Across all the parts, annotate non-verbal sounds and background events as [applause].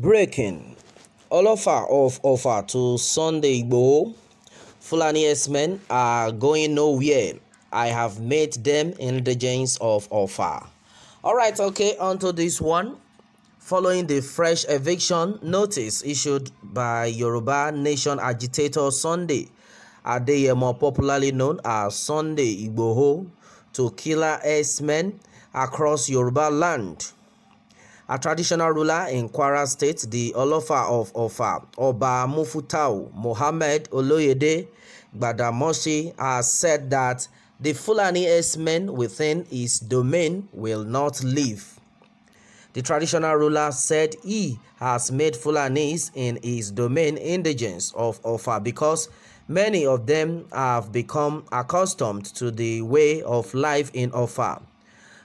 Breaking All of our offer to Sunday Igbo. Fulani men are going nowhere. I have made them in the joints of offer. Alright, okay, on to this one. Following the fresh eviction notice issued by Yoruba Nation agitator Sunday more popularly known as Sunday Igboho, to killer S-men across Yoruba land. A traditional ruler in Kwara State, the Olofa of Ofa, Oba Mufutau Mohammed Oloyede Gbadamoshi, has said that the Fulani S-men within his domain will not leave. The traditional ruler said he has made Fulanis in his domain indigence of Ofa because Many of them have become accustomed to the way of life in Ofa.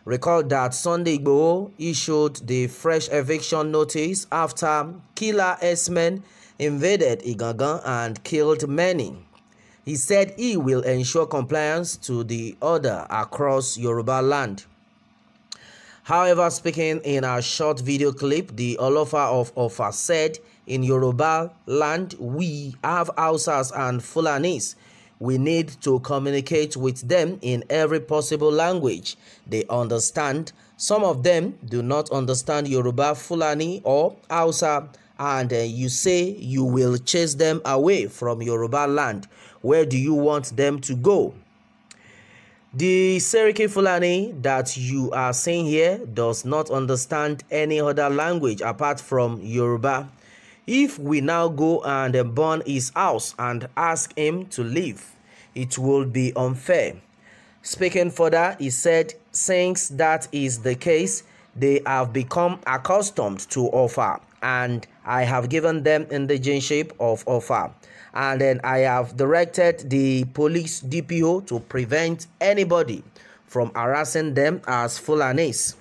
Recall that Sunday Igboho issued the fresh eviction notice after killer S-men invaded Igangan and killed many. He said he will ensure compliance to the order across Yoruba land. However, speaking in a short video clip, the Olofa of Ofa said in Yoruba land, we have Hausas and Fulanis. We need to communicate with them in every possible language they understand. Some of them do not understand Yoruba, Fulani, or Hausa, and uh, you say you will chase them away from Yoruba land. Where do you want them to go? The Seriki Fulani that you are seeing here does not understand any other language apart from Yoruba. If we now go and burn his house and ask him to leave, it would be unfair. Speaking further, he said, Since that is the case, they have become accustomed to offer, and I have given them in the shape of offer. And then I have directed the police DPO to prevent anybody from harassing them as Fulanis.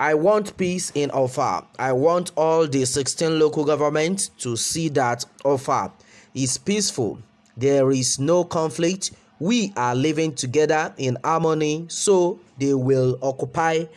I want peace in Ofa. I want all the 16 local governments to see that Ofa is peaceful. There is no conflict. We are living together in harmony, so they will occupy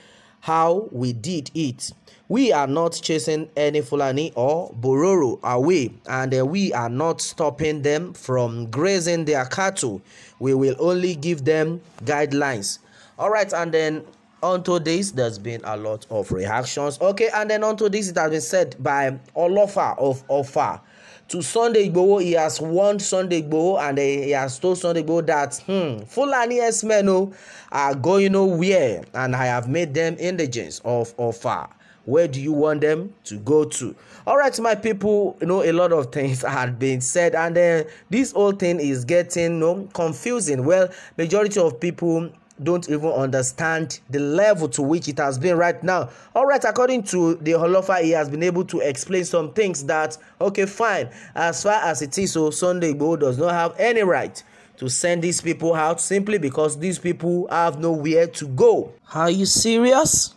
how we did it. We are not chasing any Fulani or Bororo away, and uh, we are not stopping them from grazing their cattle. We will only give them guidelines. All right, and then onto this there's been a lot of reactions okay and then onto this it has been said by olofa of ofa to sunday igbowo he has warned sunday igbowo and he has told sunday igbowo that hmm, fulani herdsmen men oh, are going nowhere and i have made them indigents of ofa where do you want them to go to all right my people you know a lot of things [laughs] had been said and uh, this whole thing is getting you know, confusing well majority of people don't even understand the level to which it has been right now. All right, according to the Holofa, he has been able to explain some things that, okay, fine. As far as it is, so Sunday Igboho does not have any right to send these people out simply because these people have nowhere to go. Are you serious?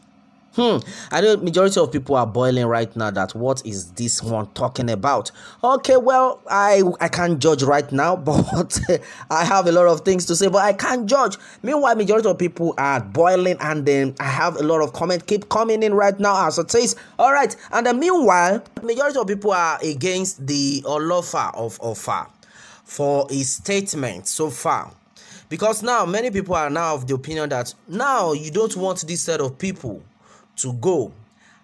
Hmm, I know majority of people are boiling right now that what is this one talking about? Okay, well, I I can't judge right now, [laughs] but I have a lot of things to say, but I can't judge. Meanwhile, majority of people are boiling and then I have a lot of comment keep coming in right now as it says. All right, and then meanwhile, majority of people are against the Olofa of Ofa for his statement so far because now many people are now of the opinion that now you don't want this set of people to go.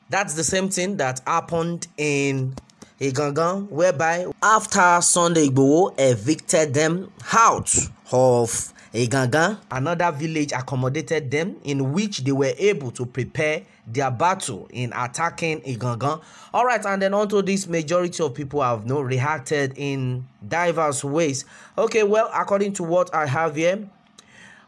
That's the same thing that happened in Igangan, whereby after Sunday Igboho evicted them out of Igangan, another village accommodated them in which they were able to prepare their battle in attacking Igangan. All right, and then onto this, majority of people have no reacted in diverse ways. Okay, well, according to what I have here,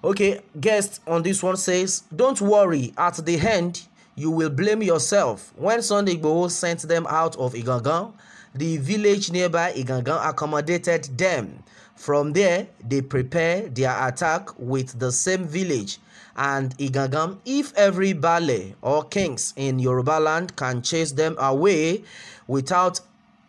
okay, guest on this one says, don't worry, at the end, you will blame yourself. When Sunday Igboho sent them out of Igangan, the village nearby Igangan accommodated them. From there, they prepare their attack with the same village and Igangan. If every Bale or kings in Yoruba land can chase them away without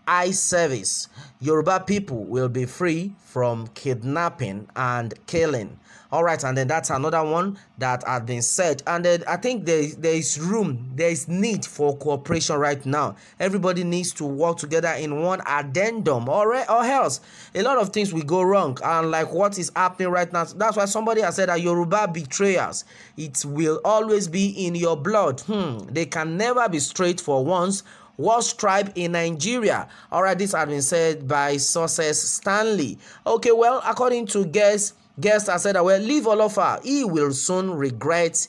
eye service. Yoruba people will be free from kidnapping and killing. All right, and then that's another one that has been said. And then I think there, there is room, there is need for cooperation right now. Everybody needs to work together in one addendum, or, eh, or else a lot of things will go wrong. And like what is happening right now, that's why somebody has said that Yoruba betrayers, it will always be in your blood. Hmm, they can never be straight for once worst tribe in Nigeria. All right, this has been said by sources Stanley. Okay, well, according to guests, guests have said that, well, leave Olofa. He will soon regret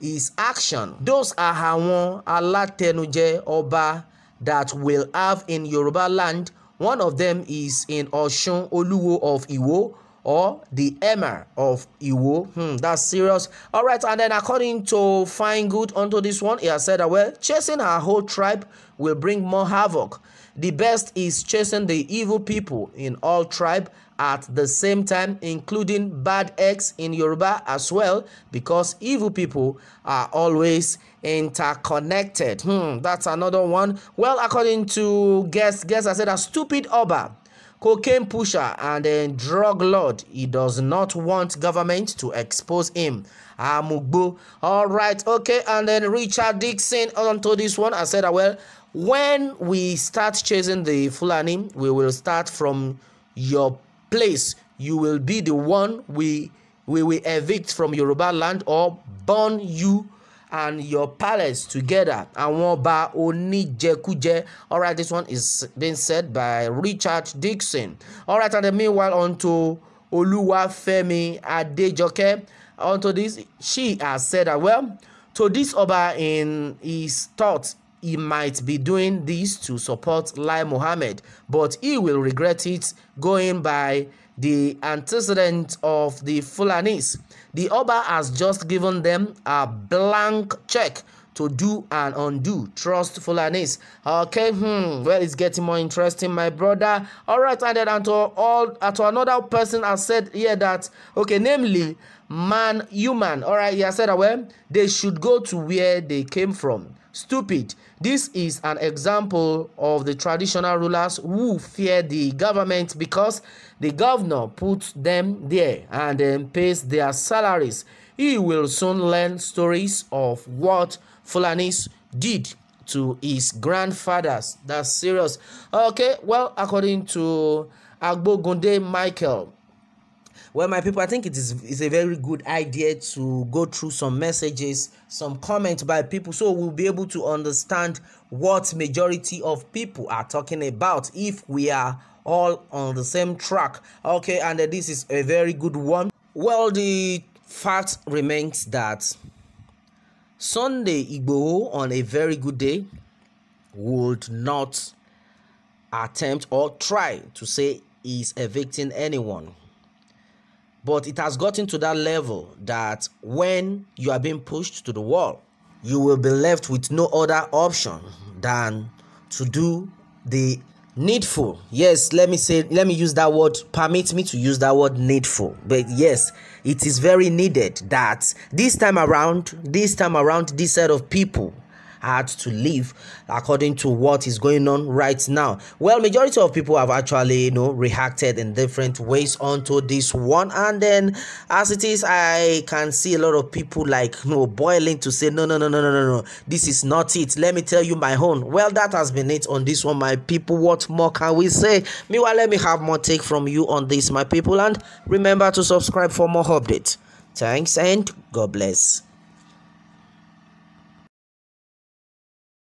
his action. Those are àwọn alátẹnujẹ Oba that will have in Yoruba land. One of them is in Oshun Oluwo of Iwo. or the emir of Iwo. Hmm, that's serious. All right, and then according to Fine Good, onto this one, he has said that, well, chasing our whole tribe will bring more havoc. The best is chasing the evil people in all tribe at the same time, including bad eggs in Yoruba as well, because evil people are always interconnected. Hmm, that's another one. Well, according to guest, guest, I said a stupid Oba cocaine pusher and a drug lord. He does not want government to expose him. Amugbo. All right, okay. And then Richard Dixon onto this one I said, ah, well, when we start chasing the Fulani, we will start from your place. You will be the one we we will evict from Yoruba land or burn you and your palace together àwọn ọba oníjẹkújẹ right, this one is being said by Richard Dixon All right, and then meanwhile onto Olúwafẹ́mi Adéjọkẹ́ onto this she has said that well to this ọba in his thoughts he might be doing this to support Lai Mohammed, but he will regret it going by the antecedent of the Fulanis. The Oba has just given them a blank check to do and undo. Trust Fulanese. Okay, hmm, well, it's getting more interesting, my brother. All right, and then and to, all, to another person has said here that, okay, namely, man, human. All right, he has said that, well, they should go to where they came from. Stupid. This is an example of the traditional rulers who fear the government because the governor puts them there and then pays their salaries. He will soon learn stories of what Fulanis did to his grandfathers. That's serious. Okay, well, according to Agbogunde Michael, Well, my people, I think it is, is a very good idea to go through some messages, some comments by people, so we'll be able to understand what majority of people are talking about if we are all on the same track. Okay, and uh, this is a very good one. Well, the fact remains that Sunday Igbo on a very good day would not attempt or try to say he's evicting anyone. But it has gotten to that level that when you are being pushed to the wall, you will be left with no other option than to do the needful yes let me say let me use that word permit me to use that word needful but yes it is very needed that this time around this time around this set of people had to leave according to what is going on right now well majority of people have actually you know reacted in different ways onto this one and then as it is i can see a lot of people like you know boiling to say no no no no no no no this is not it let me tell you my own well that has been it on this one my people what more can we say meanwhile let me have more take from you on this my people and remember to subscribe for more updates thanks and god bless